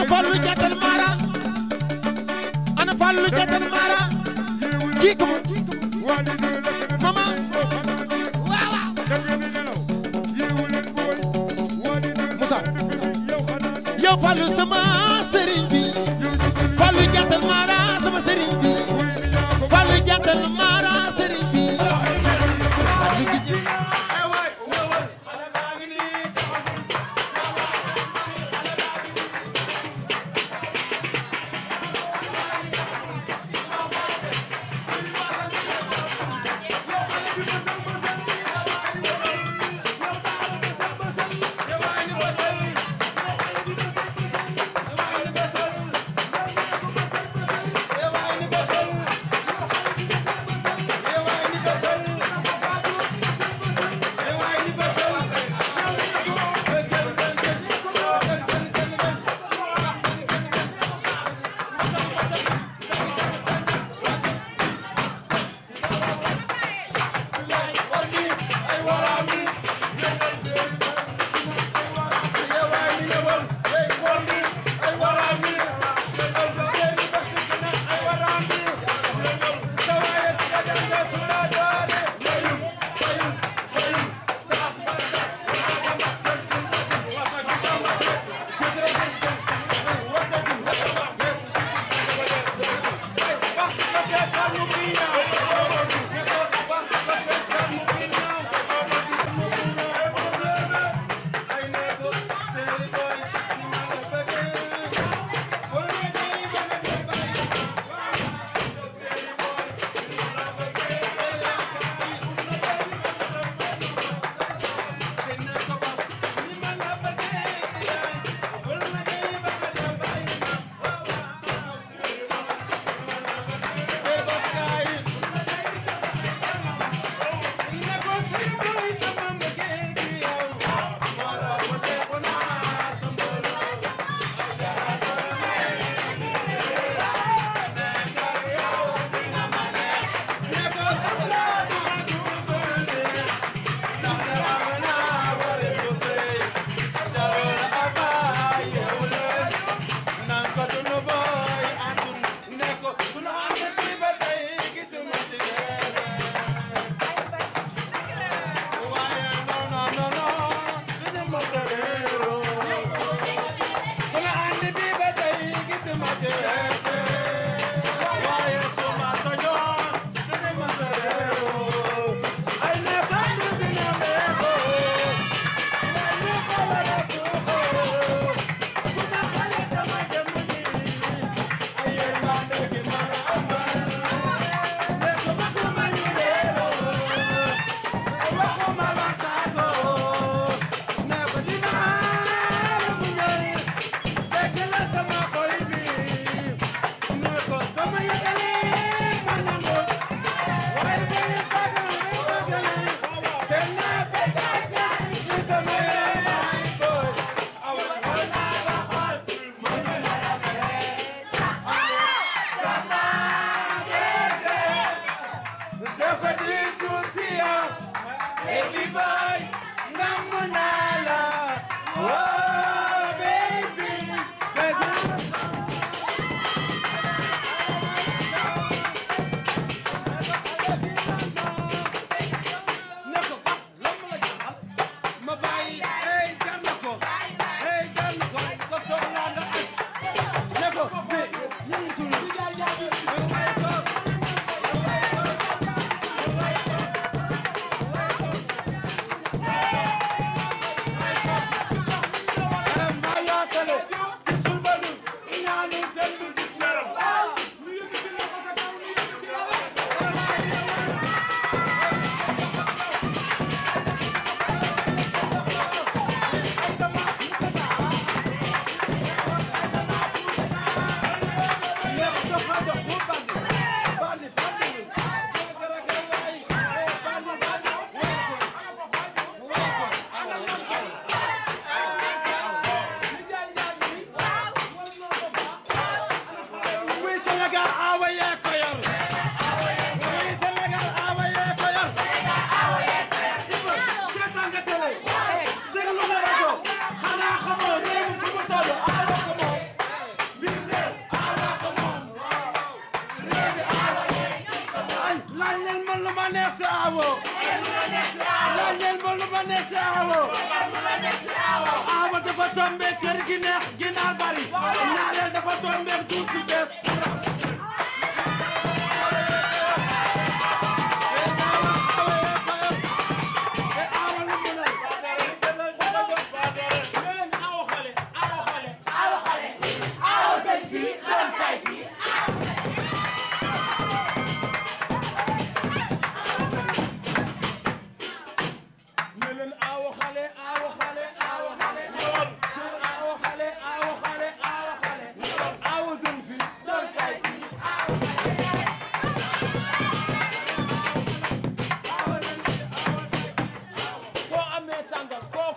ana Fallou Diatal Mara ana Fallou Diatal Mara kii ko mama waaw waaw Moussa yow Fallou sama sëriñ bi Fallou Diatal Mara sama sëriñ bi Fallou Diatal Mara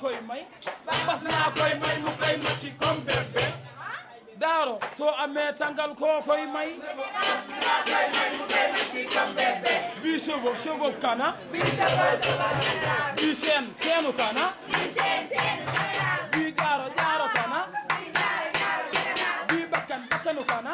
koy may bas naa koy may mu koy macci comme bébé laaro so amee tangal ko koy may kana bi seen seenu kana bi jaaro jaaro kana bi bakkan bakkanu kana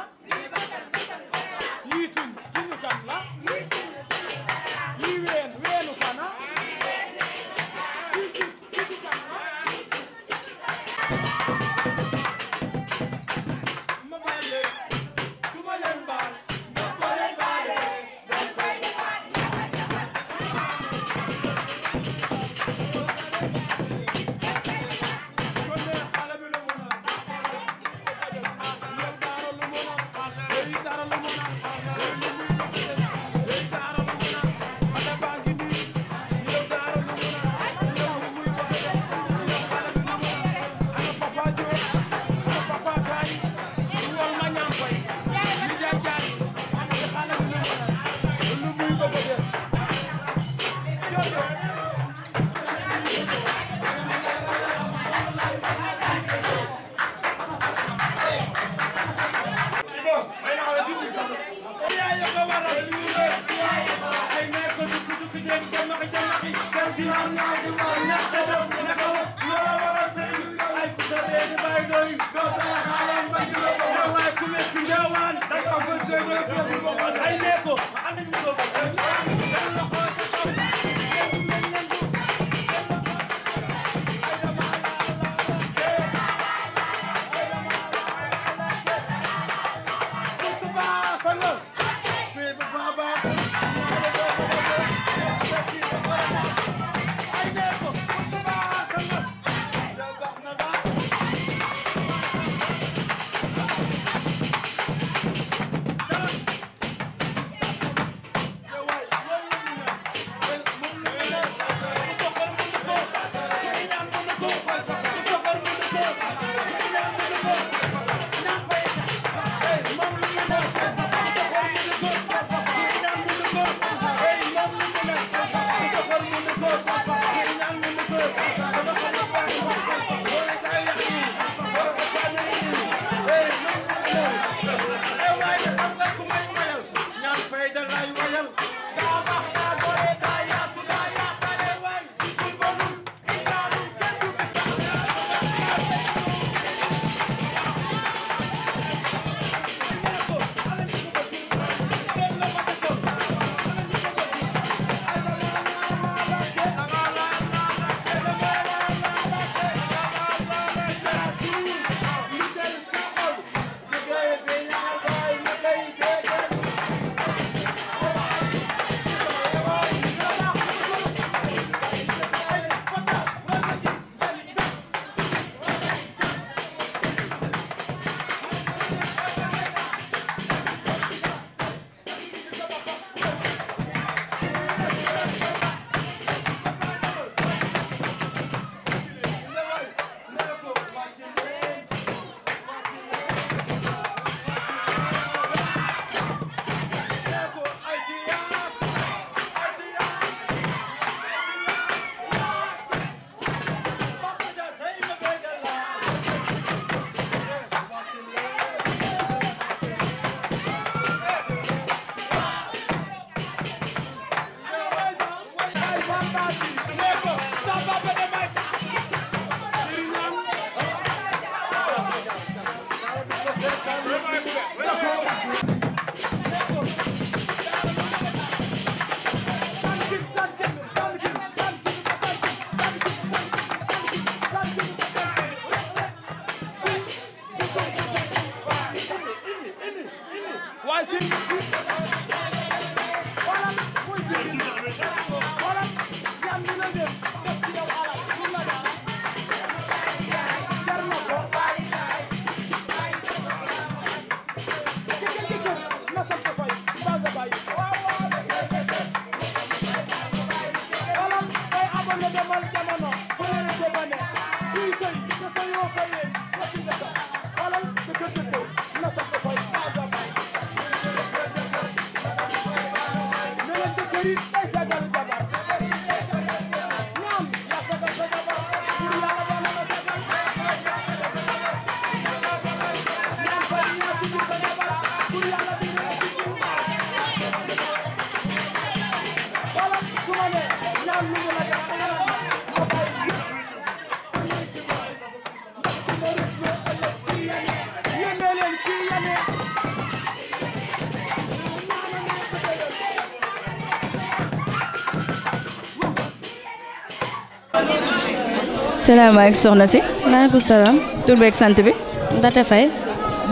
salaamaaleykum soxna si. maaleykum salaam. tur beeg sant bi. Ndate fay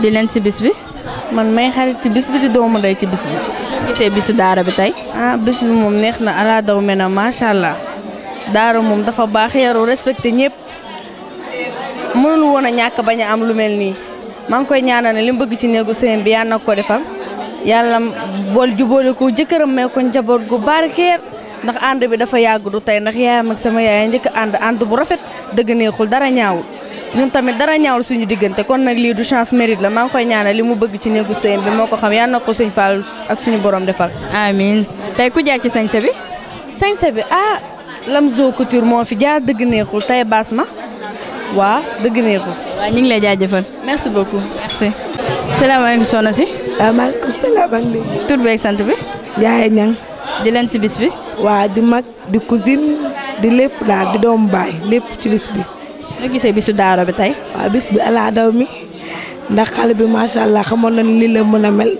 di len ci bis bi. man may xari ci bis bi di doomu day ci bis bi. gisee bisu daara bi tey. ah bis bi moom neex na ala daw mena na macha allah daara moom dafa baax yaru respecte ñëpp mënul woon a ñàkk bañ a am lu mel nii maa ngi koy ñaanal ne li mu bëgg ci néegu seen bi yaa nag ko defal yàlla bool jubóole ko jëkkëram ko njaboot gu barkeer. ndax ànd bi dafa yàgg du tey ndax yaayam ak sama yaay njëkk ànd ànd bu rafet dëgg neexul dara ñaawul ñun tamit dara ñaawul suñu diggante kon nag lii du chance mérite la maa ngi koy ñaanal li mu bëgg ci néegu sëyam bi moo ko xam yal na ko suñ faal ak suñu borom defal. amiin tey ku jaar ci sañse bi. sañse bi ah Lamzo Couture moo fi jaar dëgg neexul tey baas ma waa dëgg neexul. ñu ngi lay jaajëfal. merci beaucoup merci. salaamaaleykum soxna si. waaleykum ah, salaam. tur beeg sant bi. Ndiaye Niang. di leen si bis bi. waa di mag di cousine di lépp daal di doomu baay lépp ci bis bi. nga gisee bisu daaro bi tey. waa bis bi alaa mi ndax xale bi macha allah xamoon na li la mën a mel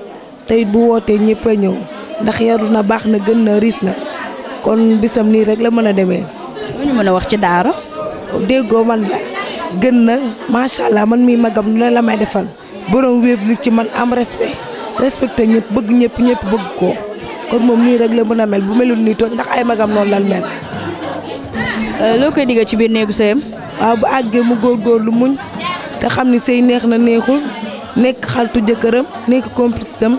tey bu wootee ñëpp a ñëw ndax yaru na baax na gën na riis na kon bisam nii rek la mën a demee. lu ñu mën a wax ci daaro. déggoo man la gën na macha allah man mii magam lu ne la may defal borom wéeb lu ci man am respect respecté ñëpp bëgg ñëpp ñëpp bëgg ko. kon moom nii rek la mën a mel bu melul nii tooñ ndax ay magam noonu lan mel. Euh, loo koy digal ci biir néegu sëyam. waaw bu àggee mu góorgóorlu muñ te xam ni say neex na neexul nekk xaltu jëkkëram nekk complice tam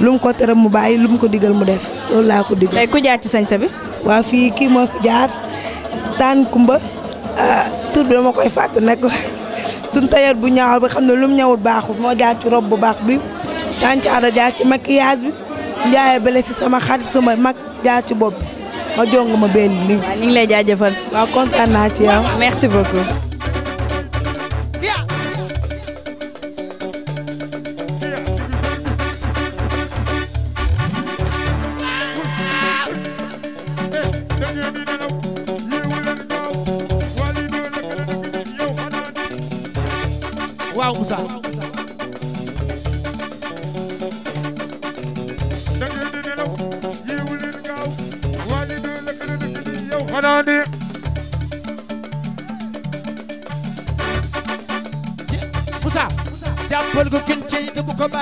lu mu ko tere mu bàyyi lu mu ko digal mu def loolu laa ko digal. tey ku jaar ci sañsa bi. waa fii kii moo fi jaar taan kumba ah, tur bi dama koy fàtte nag suñ tailleur bu ñaaw bi xam ne lu mu ñawul baaxul moo jaar ci rob bu baax bi tàncaara jaar ci maquillage bi. Ndiaye ci sama xat sama mag jaar ci bop ma jong ma ben ni ñu ngi lay jaajëfal. wa content na ci yow. merci beaucoup. Wow, up?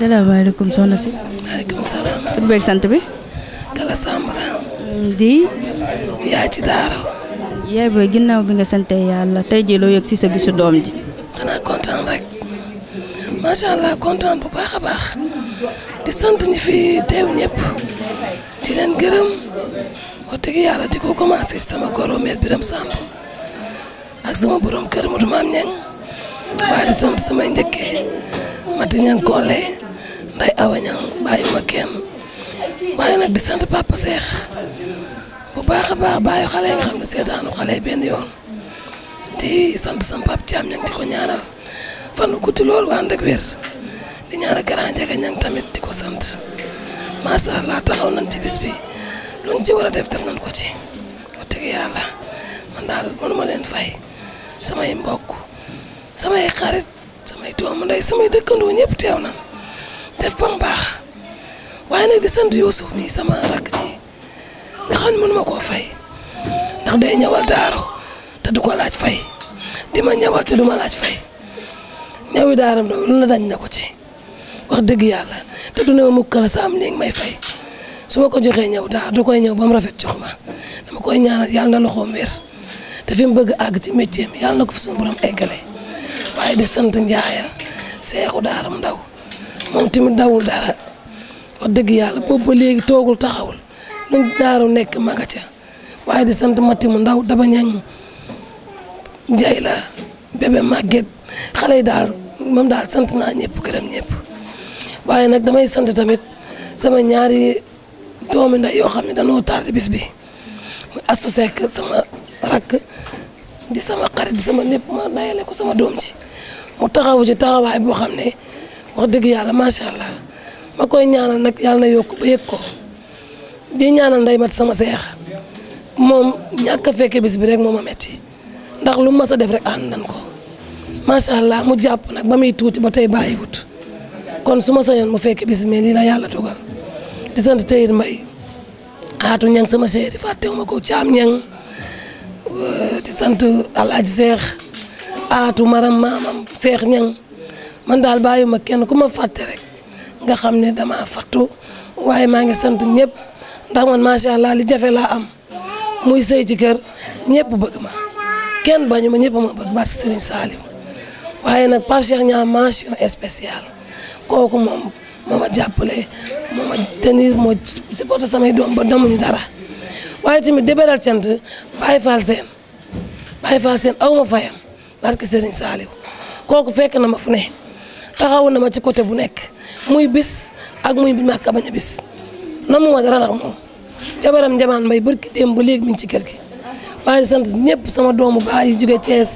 salaamaaleykum soxna si. maaleykum salaam. sant bi. Kala Samb di. yaa ci daara. yaay booy ginnaaw bi nga sante yàlla tey jii loo yëg si sa bisu doom ji. xanaa kontaan rek macha allah kontaan bu baax a baax di sant ñi fi teew ñëpp di leen gërëm wax dëgg yàlla di ko commencé sama goro mère Biram Samb ak sama borom kër Modou Mame Niang waaye di sant samay njëkkee Mati Niang Kole. nday awañang bàyyi ma kenn waaye nag di sant papa seex bu baax a baax bàyyi xale yi nga xam ne seetaanu xale yi benn yoon di sant sam pap Thiam ña ngi di ko ñaanal fan wu guddi loolu ànd ak wér di ñaanal grand Ndiaga ña tamit di ko sant macha allah taxaw nañ ci bi luñ ci war a def def nañ ko ci wax dëgg yàlla man daal mënu ma leen fay samay mbokk samay xarit samay doomu ndey samay dëkkandoo ñëpp teew na def ba mu baax waaye nag di sant Youssouf mi sama rakk ci nga xam ne mënuma koo fay ndax day ñawal daaro te du ko laaj fay di ma ñawal te du ma laaj fay ñawi daaram doo lu la dañ ko ci wax dëgg yàlla te du ne ma mukk la saam léegi may fay su ma ko joxee ñëw daar du koy ñëw ba mu rafet jox ma dama koy ñaanal yàlla na loxoom wér te fi mu bëgg àgg ci métier am yàlla na ko fi suñu borom eggale waaye di sant njaaya seexu daaram ndaw moom tamit dawul dara wax dëgg yàlla boobu ba léegi toogul taxawul ñun daaru nekk maga waaye di sant matti mu ndaw daba ñaŋ jay la bébé màgget xale yi daal moom daal sant naa ñëpp gërëm waaye nag damay sant tamit sama ñaari doomi nday yoo xam ne danoo tardé bis bi muy astu sama rakk di sama xarit sama lépp ma dayale ko sama doom ci mu taxawu ci taxawaay boo xam ne wax yalla ma sha allah ma koy ñaanal nak yalla na yok ba yekko di ñaanal nday mat sama seex mom ñaka a bis bi rek moo ma metti ndax lu mas a def rek ànd nan ko sha allah mu japp nak ba tuti ba tay tey wut kon suma ma mu fekkee bis me li la yalla dogal di sant Tayir Mbaye aatu ñang sama faté wu mako cham ñang di maram mamam ñang man daal ma kenn ku ma fàtte rek nga xam ne damaa fattu waaye maa ngi sant ñëpp ndax man macha allah li jafe laa am muy sëy ci kër ñëpp bëgg ma kenn bañu ma ñëpp ma bëgg barke Serigne Saliou waaye nag Pape Cheikh Niang mention spéciale kooku moom moo ma ma tenir moo supporté samay doom ba damuñu dara waaye tamit débéral cant Baye Fall seen Baye Fall seen aw ma fayam barke Serigne Saliou kooku fekk na ma fu ne taxawu na ma ci côté bu nekk muy bis ak muy ñàkk a bañ a bis na mu ma dara nag moom jabaram njamaan mbay barki démb ba léegi mi ci kër gi waaye sant ñëpp sama doomu baay yi jóge Thiès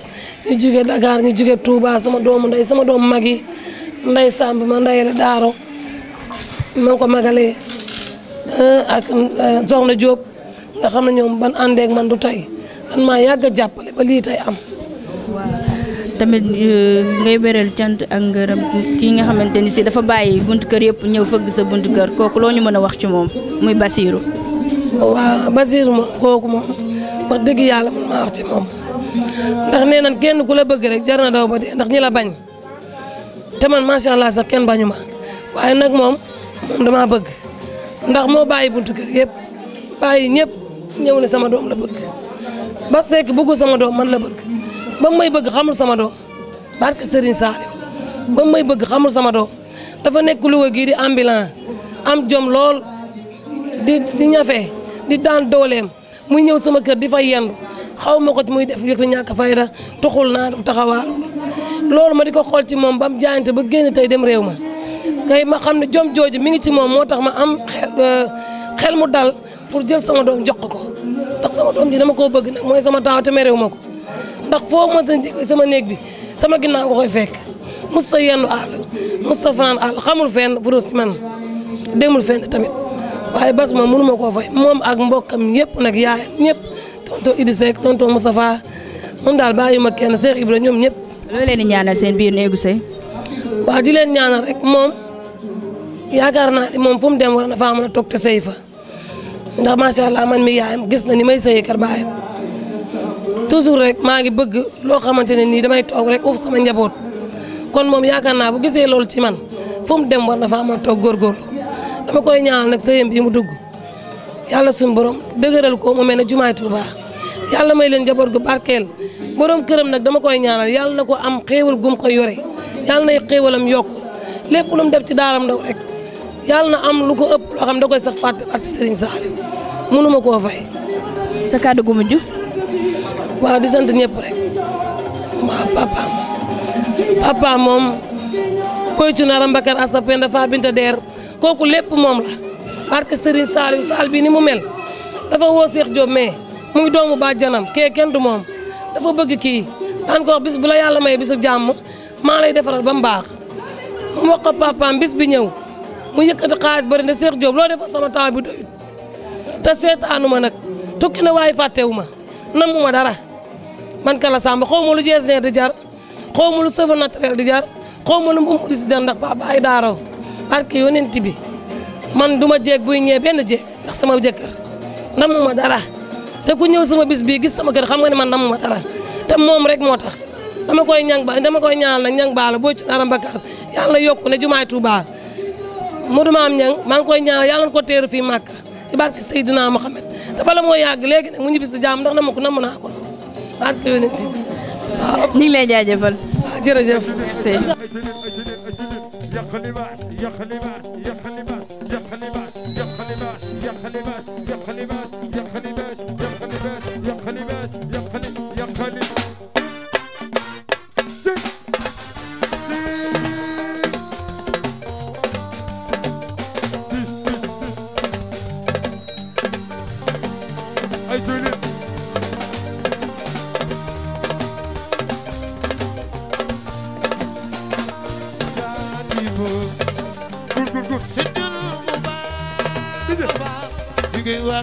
ñu jóge Dakar ñu jóge tuuba sama doomu nday sama doomu mag yi nday Samb ma nday la Daaro ma ko magale eh, ak eh, Soxna Diop nga xam ne ñoom ban àndeek man du tay dan maa yàgg a jàppale ba lii tey am tamit eh, ngay beral cant ak ngeeram ki nga xamanteni ci dafa bayyi buntu kër yëpp ñëw fëgg sa buntu kër koku loo ñu mën wax ci mom muy Basiru. wa Basiru mo koku mo wax dëgg yalla mën wax ci mom ndax nee nañ kenn kula bëgg rek jarna na daw ba dee ndax ñi la bañ té man sha allah sax kenn bañuma ma nak mom moom bëgg ndax mo bayyi buntu kër yëpp bayyi ñëpp ñëw ne sama doom la bëgg ba sék bëggu sama doom man la bëgg. ba may bëgg xamul sama doom barke Serigne Saliou ba may bëgg xamul sama doom dafa nekk Louga gii di ambulant am jom lool di ñafe di daan dooleem muy ñëw sama kër di fay yendu xaw ma ko muy def yëg ñàkk fayda tuxul naa taxawaa loolu ma di ko xool ci moom ba mu jaayante ba génn tey dem réew ma kay ma xam ne jom jooju mi ngi ci moom moo tax ma am xel euh, xel mu dal pour jël sama doom jox ko ndax sama doom ji dama ko bëgg nag mooy sama taaw te merew ma ko ndax foo mënta sama néeg bi sama ginnaaw nga koy fekk mos sa yendu àll mos sa fanaan àll xamul fenn fu dul si man demul fenn tamit waaye bas moom mënu ma koo fay moom ak mbokkam yëpp nag yaayam ñëpp tonton Idi Seck tonton Moustapha moom daal bàyyi ma kenn Cheikh Ibra ñoom ñëpp. loolu leen di ñaanal seen biir néegu sëy waaw di leen ñaanal rek moom yaakaar naa ne moom fu mu dem war na faa mën a toog te say fa ndax macha allah man mi yaayam gis na ni may sëyee k toujours rek maa ngi bëgg loo xamante ne nii damay toog rek uuf sama njaboot kon moom yaakaar naa bu gisee loolu ci man fu mu dem war na faa mën a toog góorgóorlu dama koy ñaanal nag sëyam bi mu dugg yàlla suñu borom dëgëral ko mu mel ne jumaay Tuuba yàlla may leen njaboot gu barkeel borom këram nag dama koy ñaanal yàlla na ko am xéewal gum ko yore yàlla nay xéewalam yokk lépp lu def ci daaram ndaw rek yàlla na am lu ko ëpp loo xam da koy sax fàtte fàtte Serigne Saliou mënuma koo fay. sa kàddu gu waaw di sant ñëpp rek waaw papa papa moom koy cu na rambakar asa penda fa binta deer kooku lépp moom la barke Serigne Saliou Sall bi ni mu mel dafa woo Cheikh Diop mais mu ngi doomu ba janam kee moom dafa bëgg kii daan ko bis bu la yàlla may bisu jàmm maa lay defaral ba mu baax mu wax ko bis bi ñëw mu yëkkati xaalis bari na Cheikh Diop loo defal sama taw bi doyut te seetaanu nag tukki na waaye fàttewu ma namu ma dara man kala Samba xaw ma lu gestionnaire di jar xaw ma lu chauffeur naturel di jar xaw ma lu mu di si jar ndax papa ay daaraw barke yonent bi man duma jek buy ñe ben jek ndax sama jekkar namu dara te ku ñew sama bis bi gis sama kër xam nga ni man namu dara te mom rek motax dama koy ñang ba dama koy ñaan nak ñang baala bo ci dara mbakar yalla yokku ne jumaa Tuubaa Modou Maam Ñang maa ngi koy ñaan yalla ko teeru fi makka ibarki sayyidina Muhammad te bala mo yag legi nak mu ñibbi ndax na ko barke yonent bi waaw ñu ngi lay jaajëfal jërëjëf merci يا خلي باش يا خلي باش يا خلي باش يا خلي باش يا خلي باش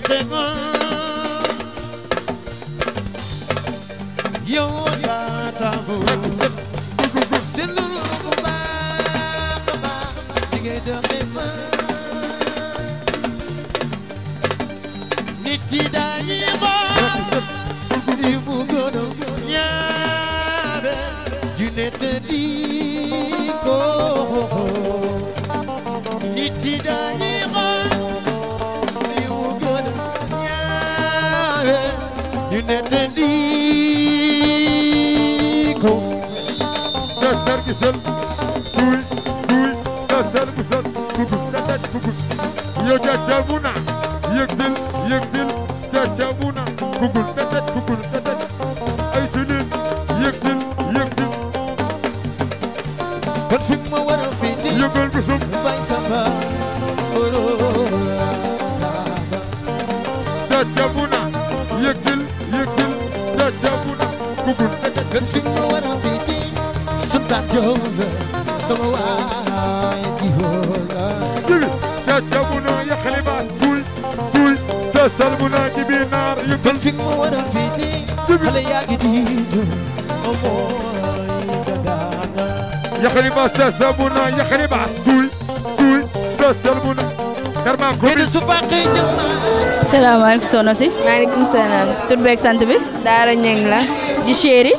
nit yi dañuy güzel Suyu suyu Güzel güzel Kukus dedet kukus Yeke çabuna Yeksil yeksil Çe çabuna Kukus joola sama waay ji hoola jiri ja jabuna bi naar yu kon fi di xale yaa ngi diidu o mooy dadaana ya xalima sa salmuna ya xalima buy buy sa salmuna karma ko bi su faqi jama salaamaaleykum soxna si maaleykum salaam tur beeg sant la di chéri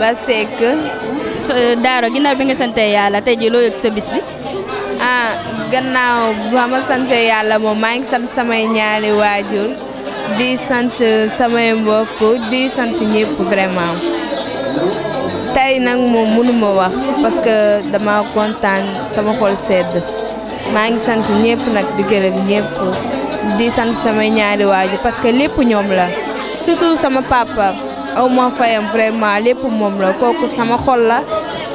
ba sekk Eh, daro ginnaaw bi nga sante yàlla tey ji loo yëg sa bis bi ah gannaaw bu ma sante yàlla mo maa ngi sant ñaari di sant eh, samai mbokk di sant ñëpp vraiment tey mo moom mënuma wax parce que dama kontaan sama xol sedd maa ngi sant ñëpp nak di gërëm ñëpp di sant sama ñaari waajur parce que lépp ñoom la surtout sama papa aw ma fayam vraiment lépp moom la kooku sama xol la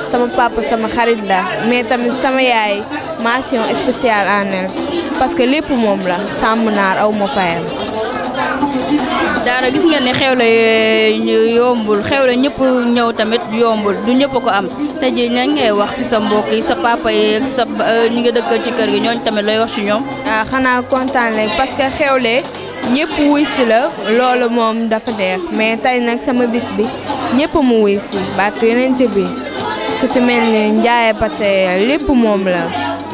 sama papa sama xarit la mais tamit sama yaay mention spéciale en parce que lépp moom la sàmm naar aw ma daara gis nga ni xew la eh, yombul xew la ñëpp ñëw tamit yombul du ñëpp ko am te ji nañ ngay wax ci sa mbokk yi sa papa yi sa eh, ñi nga dëkkal ci kër gi ñooñ tamit lay wax ci ñoom. ah xanaa kontaan parce que xewle. ñëpp wuy si la loolu moom dafa neex mais tey nag sama bis bi ñëpp mu wuy si bàkk yeneen ci bi ku si mel ni Ndiaye Paté lépp moom la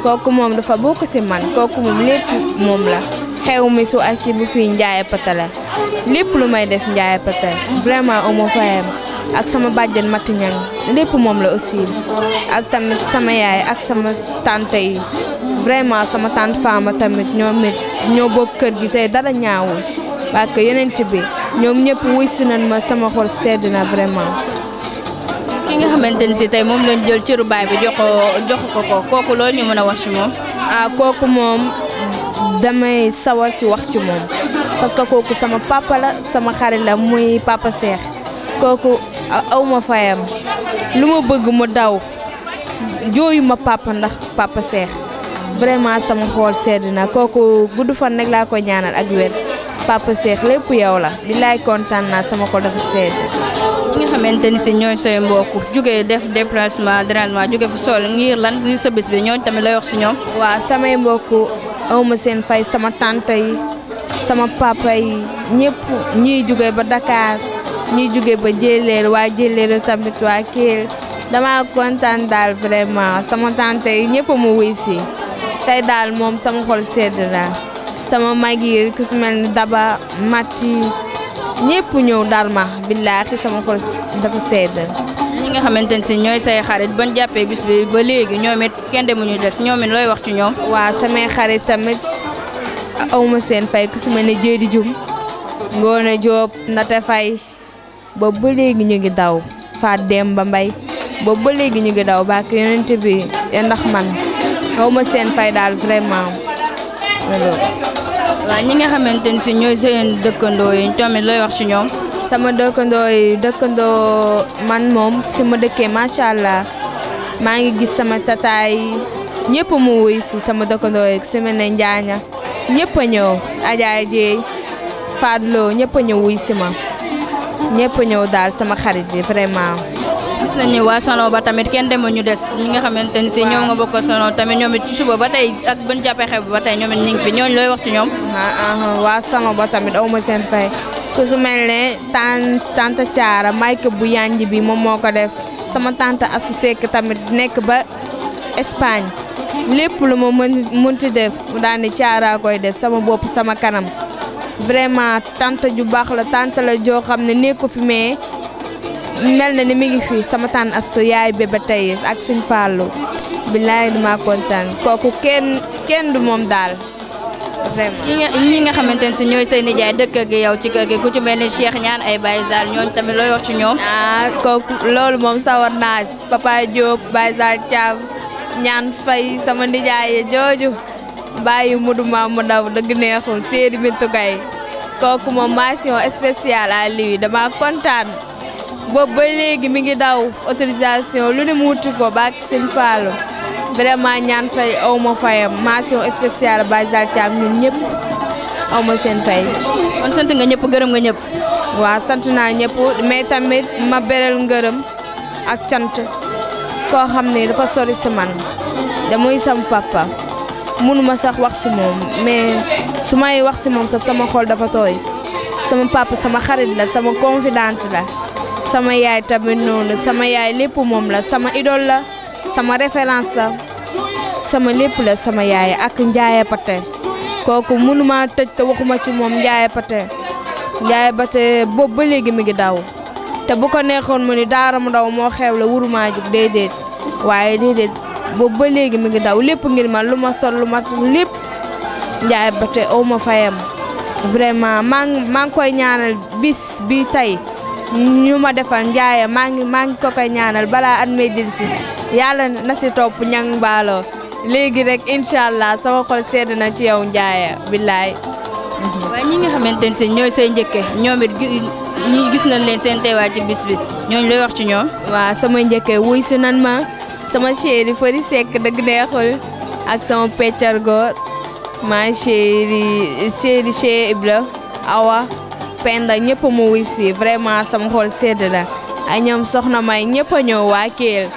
kooku moom dafa bokk si man kooku moom lépp moom la xew mi su ak si bu fii Ndiaye Paté lépp lu may def Ndiaye Paté vraiment amu fayam ak sama bàjjen Mati lépp moom la aussi ak tamit sama yaay ak sama tante yi vraiment sama tante fama tamit ñoom it ñoo bokk kër gi tay dara ñaawul parce que yeneen bi ñom ñepp wuyssu nañ ma sama xol sedd vraiment ki nga xamanteni ci tay mom lañ jël ciiru bay bi jox jox ko ko koku lo ñu mëna wax ci mom ah koku mom damay sawar ci wax ci mom parce que koku sama papa la sama xari la muy papa cheikh koku awma fayam luma bëgg mu daw joyuma papa ndax papa cheikh vraiment sama xol sedina koku gudd fan nek la ko ñaanal ak wër papa cheikh lepp yow la billahi kontan na sama ko dafa sedd ñi nga xamanteni ci ñoy soy mbokk juggé def déplacement dralma juggé fu sol ngir lan ci sa bis bi ñoo tamit la wax ci ñom wa sama mbokk awma sen fay sama tante yi sama papa yi ñepp ñi juggé ba dakar ñi juggé ba jëlël wa jëlël tamit wa kër dama contane dal vraiment sama tante yi ñepp mu tay dal mom sama xol sedd na sama magi ku su melni daba matti ñepp ñew dal ma billahi sama xol dafa sedd ñi nga xamanteni ci ñoy say xarit bañ jappé bis bi ba légui ñoom it kenn demuñu des ñoom it looy wax ci ñom wa sama xarit tamit awma seen fay ku su melni jeedi Jéedi Jum Ngoone Jóob Ndate Fay ba ba légui ñu ngi daw fa dem ba Mbay ba ba légui ñu ngi daw bak yonent bi ya ndax man xaw ma seen fay daal vraiment ñi nga xamante ni si ñooy seen dëkkandoo yi tamit looy wax ci ñoom. sama dëkkandoo yi dëkkandoo man moom fi ma dëkkee macha allah maa ngi gis sama tataay ñëpp mu wuy si sama dëkkandoo yi su mel ne Njaaña ñëpp a ñëw Adja Dieye Fadlo ñëpp ñëw wuy si ma ñëpp ñëw daal sama xarit bi vraiment. gis nañ ne waa Salon ba tamit kenn demul ñu des ñi nga xamante ni si ñoom nga bokk Salon tamit ñoom ci suba ba tey ak bu ñu xew ba tey ñoom it ñu ngi fi ñooñu wax ci ñoom. Ah, ah, waa Salon ba tamit aw ma seen fay ku su mel ne tan tante Thiara Mike bu yanj bi moom moo ko def sama tànt Assou Seck tamit nekk ba Espagne lépp lu ma mën mënti def mu daan di Thiara koy def sama bopp sama kanam vraiment tante ju baax la tante joo xam ne nekku fi mais. mel na ni mi ngi fii sama tànn as su yaay ba tey ak Sëñ Fallou billaay dama kontaan kooku kenn du moom daal vraiment. nga xamante ne si ñooy seen nijaay dëkk gi yow ci kër gi ku ci mel ni Cheikh ñaan ay Baye Zal ñooñu tamit loo wax ci ñoom. ah kooku loolu moom sawar naa Papa Diop Baye ñaan fay sama nijaay jooju bàyyi mudu maamu daw dëgg neexul Seydou Bintou Gaye kooku moom mention spéciale à dama kontaan. boobu ba léegi mi ngi daw autorisation lu ne mu wuti ko ba seen sëñ Fallou vraiment ñaan fay aw ma fayam mention spéciale Bazal Thiam ñun ñëpp aw ma seen fay. kon nga ñëpp gërëm nga ñëpp. waaw sant naa ñëpp mais tamit ma beral ngërëm ak cant koo xam ne dafa sori si man damuy sama papa mënuma sax wax si moom mais su may wax si moom sa sama xol dafa tooy sama papa sama xarit la sama confidente la. sama yaay tamit noonu sama yaay lépp moom la sama idol la sama référence la sama lépp la sama yaay ak Ndiaye Pathé kooku mënuma tëj te waxuma ci moom Ndiaye Pathé Ndiaye Pathé boobu ba léegi mi ngi daw te bu ko neexoon ma ni daara mu daw moo xew la wuruma jug déedéet waaye déedéet boobu ba léegi mi ngi daw lépp ngir man lu ma sol lu ma lépp Ndiaye Pathé aw ma fayam vraiment maa ngi koy ñaanal bis bi tey ñu ma defal njaaye maa ngi maa ngi ko ñaanal balaa at may dil si yàlla na si topp ñang mbaaloo léegi rek incha allah sama xol sedd na ci yow njaaye billaay waaye ñi nga xamante ne si ñooy say njëkke ñoom it ñi gis nañ leen seen waa ci bis bi ñooñu wax ci ñoom waa sama njëkke wuy si nan ma sama chéri fari sekk dëgg neexul ak sama peccargo ma chéri chéri Cheikh Ibra Awa Penda ñëpp mu wuy si vraiment sama xol sedd na ay ñoom soxna May ñëpp a ñëw waa Kelle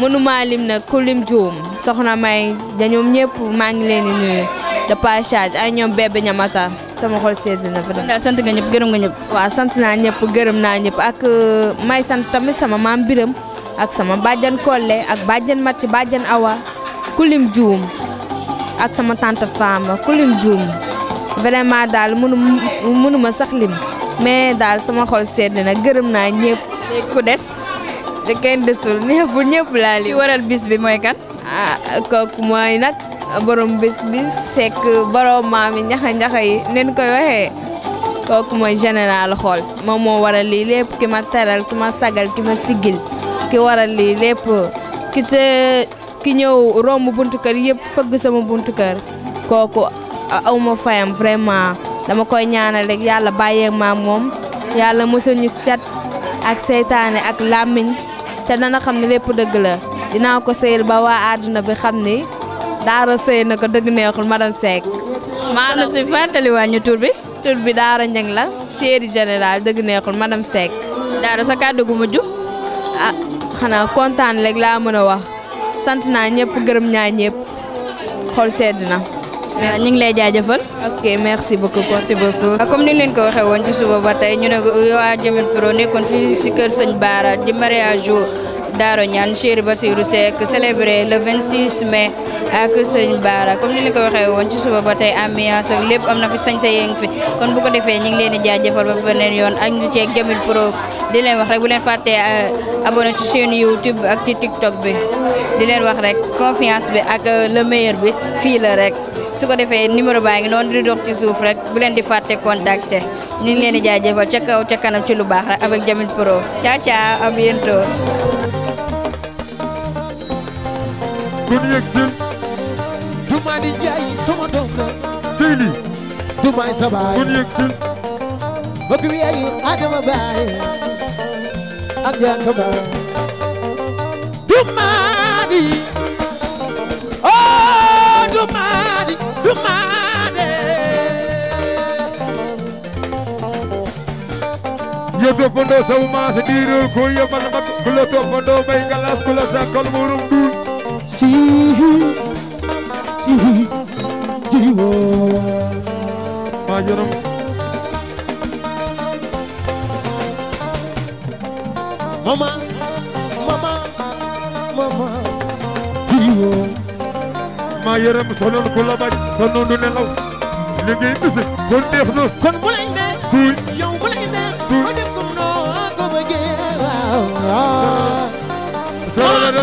mënuma lim nag ku lim juum soxna May dañoom ñëpp maa ngi leen di nuyu de passage ay ñoom bébé ñamata sama xol sedd na vraiment. daal sant nga ñëpp gërëm nga ñëpp. waaw sant naa ñëpp gërëm naa ñëpp ak euh, may sant tamit sama maam Biram ak sama bàjjan Kolle ak bàjjan Mati bàjjan Awa ku lim juum ak sama tante Fama ku juum. vraiment daal mënu mënu ma mais daal sama xol sedd na gërëm naa ñëpp. ku des. te kenn desul ñëpp ñëpp laa lim. ki waral bis bi mooy kan. ah kooku mooy nag borom bis bi sekk borom maam yi ñaxa ñaxa yi nen koy waxee kooku mooy général xool moom moo waral lii lépp ki ma teral ki ma sagal ki ma sigil ki waral lii lépp ki te ki ñëw romb buntu kër yëpp fëgg sama buntu kër kooku. aw ma fayam vraiment dama koy ñaanal rek yàlla bàyyee ma moom yàlla mosul ñu cat ak seytaane ak làmmiñ te dana xam ne lépp dëgg la dinaa ko sëyal ba waa àdduna bi xam ni daara sëy na ko dëgg neexul madame Seck. maanaam si fàttaliwaat ñu tur bi. tur bi daara njëng la chéri général dëgg neexul madame Seck. daara sa kàddu gu mujj. ah xanaa kontaan rek laa mën a wax sant naa ñëpp gërëm ñaa ñëpp xol sedd na. ñu ngi lay jaajëfal. ok merci beaucoup merci beaucoup. comme ni leen ko waxee woon ci suba ba tey ñu ne waa Jemil Pro nekkoon fii si kër sëñ Baara di mariage jour. Daaro ñaan Niane Cheikh Bassirou Seck célébré le 26 mai ak Sëñ Bara comme ni ñu ko waxee woon ci suba ba tey ambiance ak lépp am na fi sañ sa yéng fi kon bu ko defee ñu ngi leen di jaajëfal ba beneen yoon ak ñu ceeg Jamil Pro di leen wax rek bu leen fàttee euh, abonné ci chaîne YouTube ak ci TikTok bi di leen wax rek confiance bi ak euh, le meilleur bi fii la rek su ko defee numéro baa ngi noonu di dox ci suuf rek bu leen di fàtte contacter ñu ngi leen di jaajëfal ca kaw ca kana ci lu baax rek avec Jamil Pro ciao ciao à kon yegg si. Duma di jaay sama doom la. tey lii. Dumaay sa baay kon yegg si. mbokk bi ay Adama baay ak Yankaba. Duma di. oh Duma di Duma de. yéen toppandoo sa wu ma ku la toppandoo bay galas ku la sa kol sonoon ku la bañ sonoon du nelaw li ngay gis kon neex na kon bu lay ne suuy yow bu lay ne ma def comme noo ko bëggee waaw waaw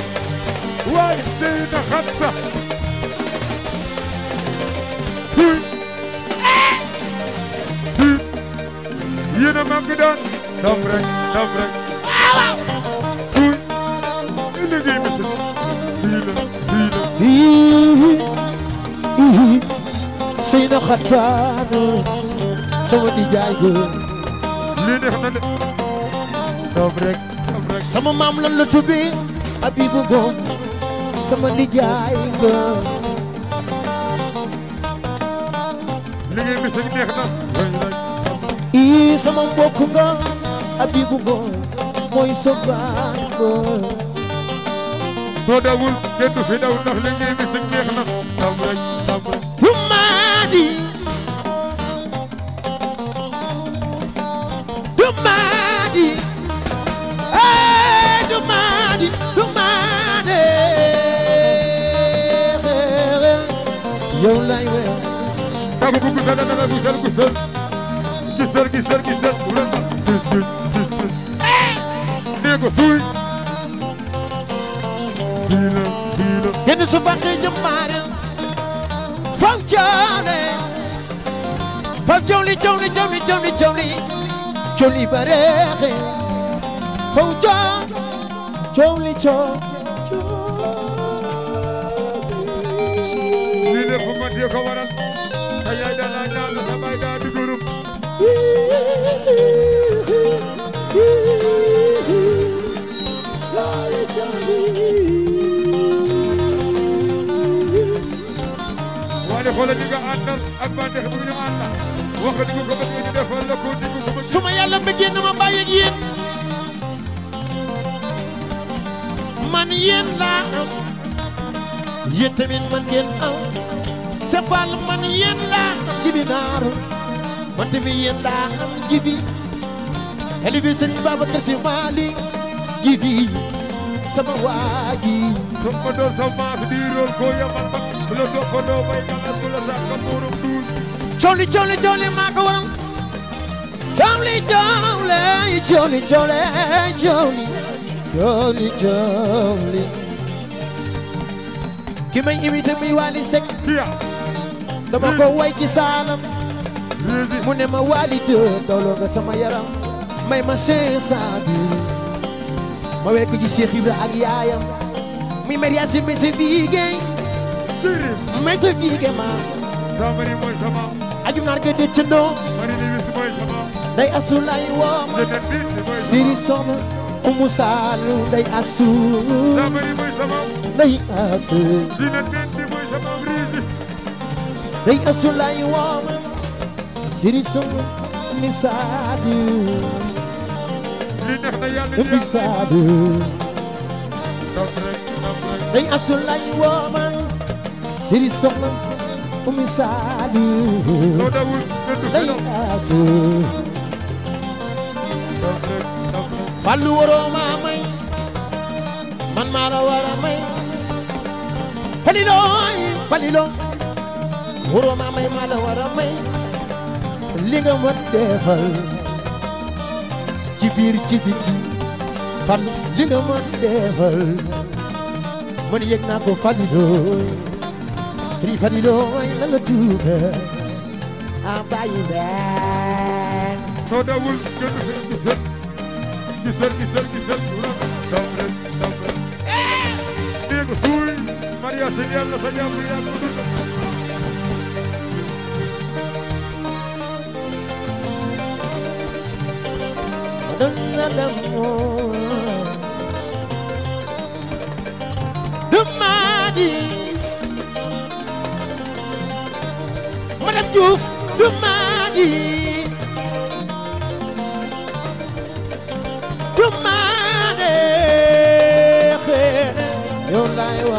waaye sey na xam sax tuut tuut yéen a mag daan daf rek daf rek tuut i liggéey bi si fii la fii la ii sey na xataane sama nijaay góor lii def na de daf rek daf rek sama maam lan la tuddee Abibu Ngom sama nijaay sama mbokk soo dawul kenn du fi daw ndax bi sëñ na daw rek daw bu güzel hemen güzel güzel. Güzel güzel güzel. Ulan düz düz düz düz. Ne güzel. Dile dile. Yeni sabah gece maren. Favcane. Favcoli coli coli coli coli. Coli barere. Favcoli coli coli. yàlla ñu nga àndal ak bànneex bu ñu àndal wax di ko ko bëgg di ko ko bëgg su ma na ma bàyyi ak yéen man yéen laa am yéen tamit man ngeen am c'est Fall man yéen jibi naaru man tamit yéen laa am jibi elibi Serigne Babacar Sy Malick jibi sama waa ji. toog ma doon sama maas di rool koo ma. bu la toog ko doo may ñaxas coole coole coole maa ko waral coole coole coole coole coole coole coole ki may imité muy Wally Seck dama ko way ci saalam mu ne ma Wally dë dooloo nga sama yaram may ma cinq cent ma wekk ci Cheikh Ibra ak yaayam muy mariage si mi si bi sëriñ may sa biige naar kay dëccandoo mari ni wis mooy sama day asulaay wooma umu saalu day asu saamari mooy sama day asu dina day asulaay wooma siri sooma mi mi saadu day asulaay wooma sëriñ soxna Oumy Saliou lay asu Fallou waroo maa may man maa la war a may Falilo Falilo waroo maa may maa la war a may li nga ma defal ci biir ci biti Fallou li nga ma defal man yëg naa ko Falilo Sëriñ Falilu way la la tuuba a bàyyi leen soo dawul jot di jot di jot di jot di jot daw rek daw rek dégg suuy Maria sa jaam la sa jaam la yàgg dund Diouf du maagi du maane xeene yow laay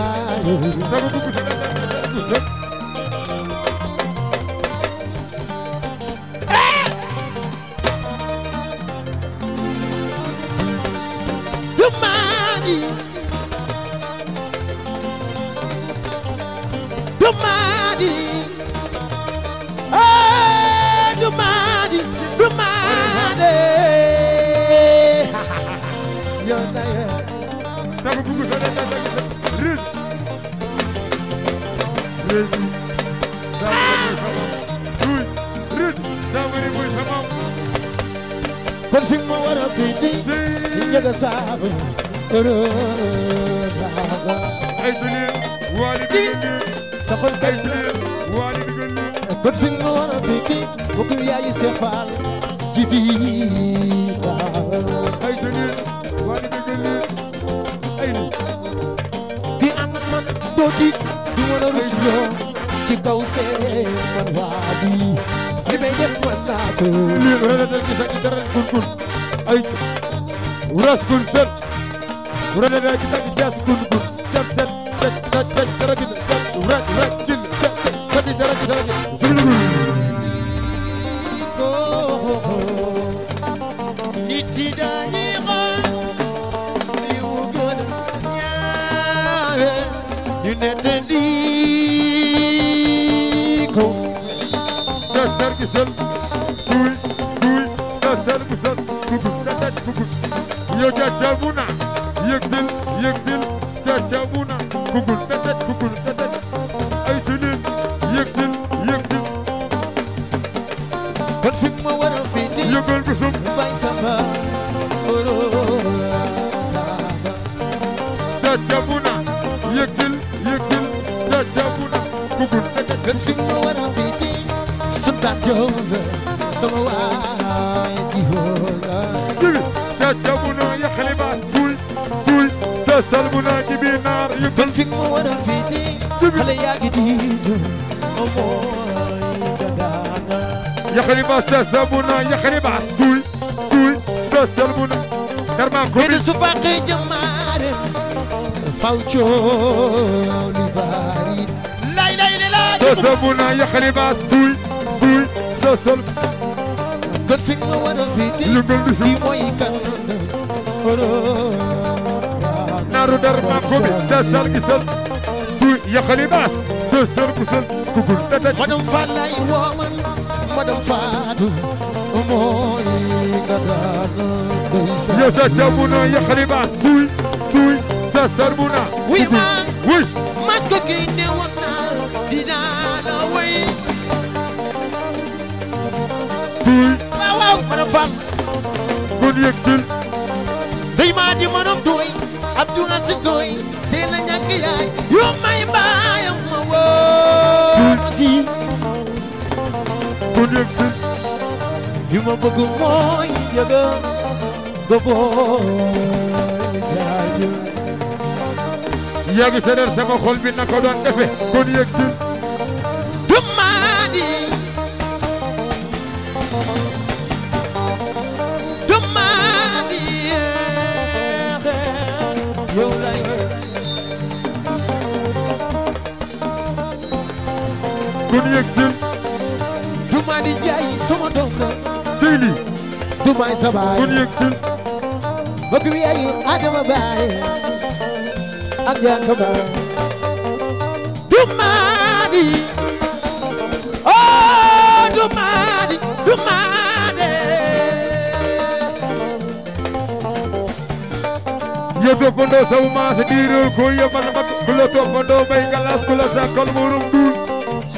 wara fiti njaga saabu rooga ay duni walidi saxol say duni walidi gëndu bët fi nga wara fiti bu ko yaayi sefaal jibi ay duni walidi gëndu ay ni di ànd ak man doo di di wala rusloo ci kaw seen man waa bi li may def mën naa ko li rëddal ci sa dara kun kun Ay. Uras kurtar. Burada belki de bir ses kurdur. Sundaat yow la waay ji yow la. jërëjëf jaajëf bu noo yàqale sa sal bu naa ji biir naar yu. kon fi mu war a fi di. xale yaa ngi di jëm moom sa sal bu naa yàqale ba sa sal bu naa. carrément commune mais de su fàqee faw coow li lay lay li laa. sa sal bu naa yàqale sol kon fi ma war a féete kii mooy kan naaru dar ma gomi da sal gi sol su yaxali baas da sol bu sol kugul tata madam falay woman madam fatu mooy gadana yo ta jabuna yaxali baas suy suy sa sarbuna wi ma mas ko ki ne woon madam Fall gon yëg dil dey ma di madam doy Abdou Aziz doy te la ñàkk yaay yu may baayam ma wóor ci gon yëg dil yu ma bëgg mooy yëga ga booy yaay yëg sereer sama xol bi na ko doon defe gon yëg dil yëgsil duma di jaay sama doom la tey lii dumaay sa baay kon yëgsil bëgg bi ay adama baay ak jànka baay dumaa di oh dumaa di dumaa yo maase diirol ko yo bana bat ku la toppandoo may galas ku la sàkkal murum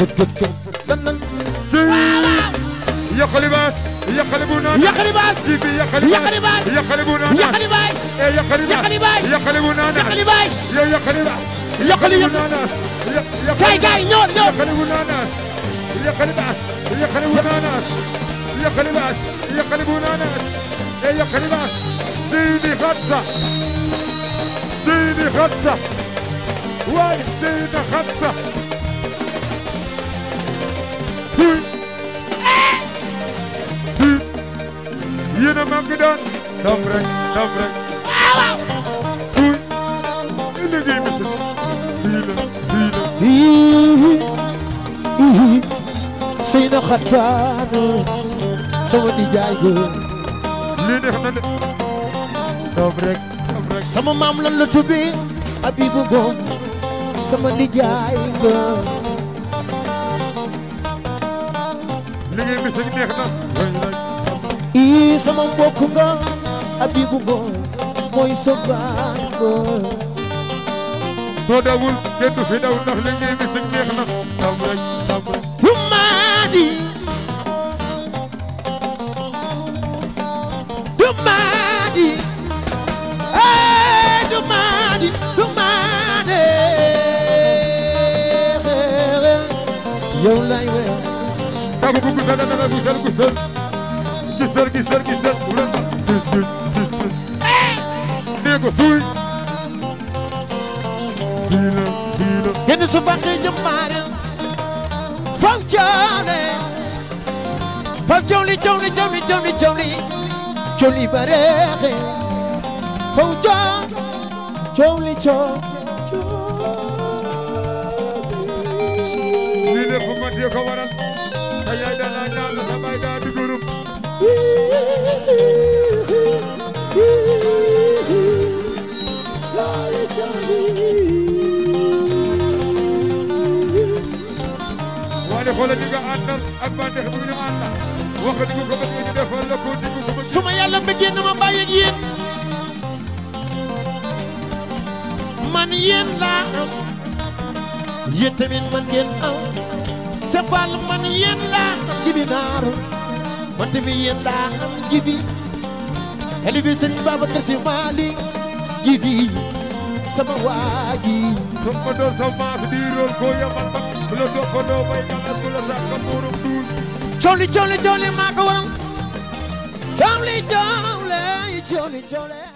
يقلب يقلبون يقلباس يقلباس يقلبون يقلباش يقلباش يقلبون يقلباش يقلب يقلب جاي جاي نور نور يقلبون يقلباس يقلبون يقلباس يقلبون يقلباس ديني خطة ديني خطة وين ديني خطة yéen a mag bi doon dof rek dof rek waaw fuuy i liggéey bi sëñ fii la fii la Seyna Xataanu sama nijaay ga lii def na de dof rek dof rek sama maam lan la tubi Abibu Ngom sama nijaay ga liggéey bi sëñ neex na ii sama mbokk nga Abibu Ngom mooy sa baat fa soo dawul kenn du fi daw ndax li ngay mi si neex na daw rek daw rek bu maadi du maadi ee eh, du maadi du maadi yow lay weer daw bu gudda na na na gisal gisal gisal bu la sax gis gis gis gis nee ko suuy diina diina kenn su fàqee jëm maare faw caane faw cawli cawli cawli cawli cawli cawli bareexe faw suma yàlla bëggee na ma bàyyi ak yéen man yéen laa am yéen tamit man ngeen am c'est pas man yéen laa am jibinaaru man tamit yéen laa am jibi elibi Serigne Babacar Sy Malick jibi sama waa ji som ko doon so maaf diiroon koo yamal ma bu la doo ko doo bay ñaxal bu duul cooli cooli cooli maa ko waral cooli cooli cooli cooli